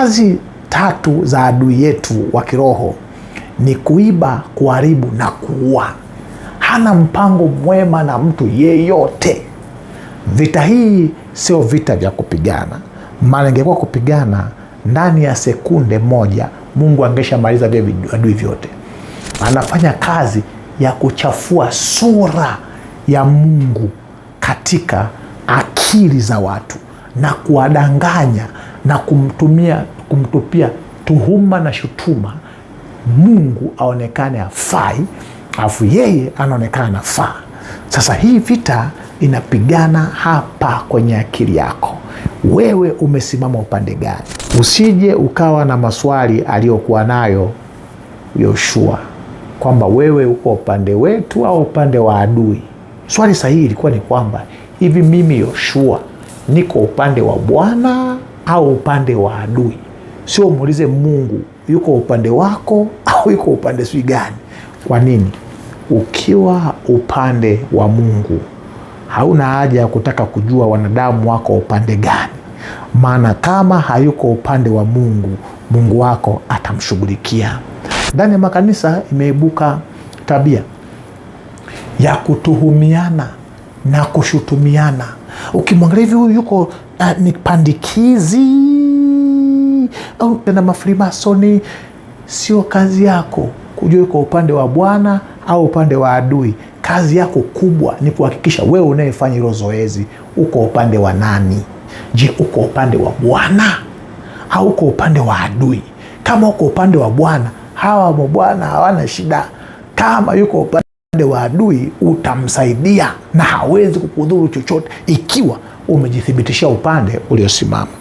kazi tatu za adui yetu wa kiroho ni kuiba, kuharibu na kuua. Hana mpango mwema na mtu yeyote. Vita hii sio vita vya kupigana, maana ingekuwa kupigana, ndani ya sekunde moja Mungu angeshamaliza vya adui vyote. Anafanya kazi ya kuchafua sura ya Mungu katika akili za watu na kuwadanganya na kumtumia kumtupia tuhuma na shutuma, Mungu aonekane afai alafu yeye anaonekana anafaa. Sasa hii vita inapigana hapa kwenye akili yako. Wewe umesimama upande gani? Usije ukawa na maswali aliyokuwa nayo Yoshua kwamba wewe uko upande wetu au upande wa adui. Swali sahihi ilikuwa ni kwamba hivi, mimi Yoshua niko upande wa Bwana au upande wa adui. Sio umuulize Mungu yuko upande wako au yuko upande sui gani. Kwa nini? Ukiwa upande wa Mungu hauna haja ya kutaka kujua wanadamu wako upande gani, maana kama hayuko upande wa Mungu, Mungu wako atamshughulikia. Ndani ya makanisa imeibuka tabia ya kutuhumiana na kushutumiana. Ukimwangalia hivi, huyu yuko uh, ni pandikizi au tena mafrimasoni. Sio kazi yako kujua uko upande wa Bwana au upande wa adui. Kazi yako kubwa ni kuhakikisha wewe unayefanya hilo zoezi uko upande wa nani? Je, uko upande wa Bwana au uko upande wa adui? Kama uko upande wa Bwana, hawa mabwana hawana shida. Kama yuko upande upande wa adui utamsaidia na hawezi kukudhuru chochote, ikiwa umejithibitishia upande uliosimama.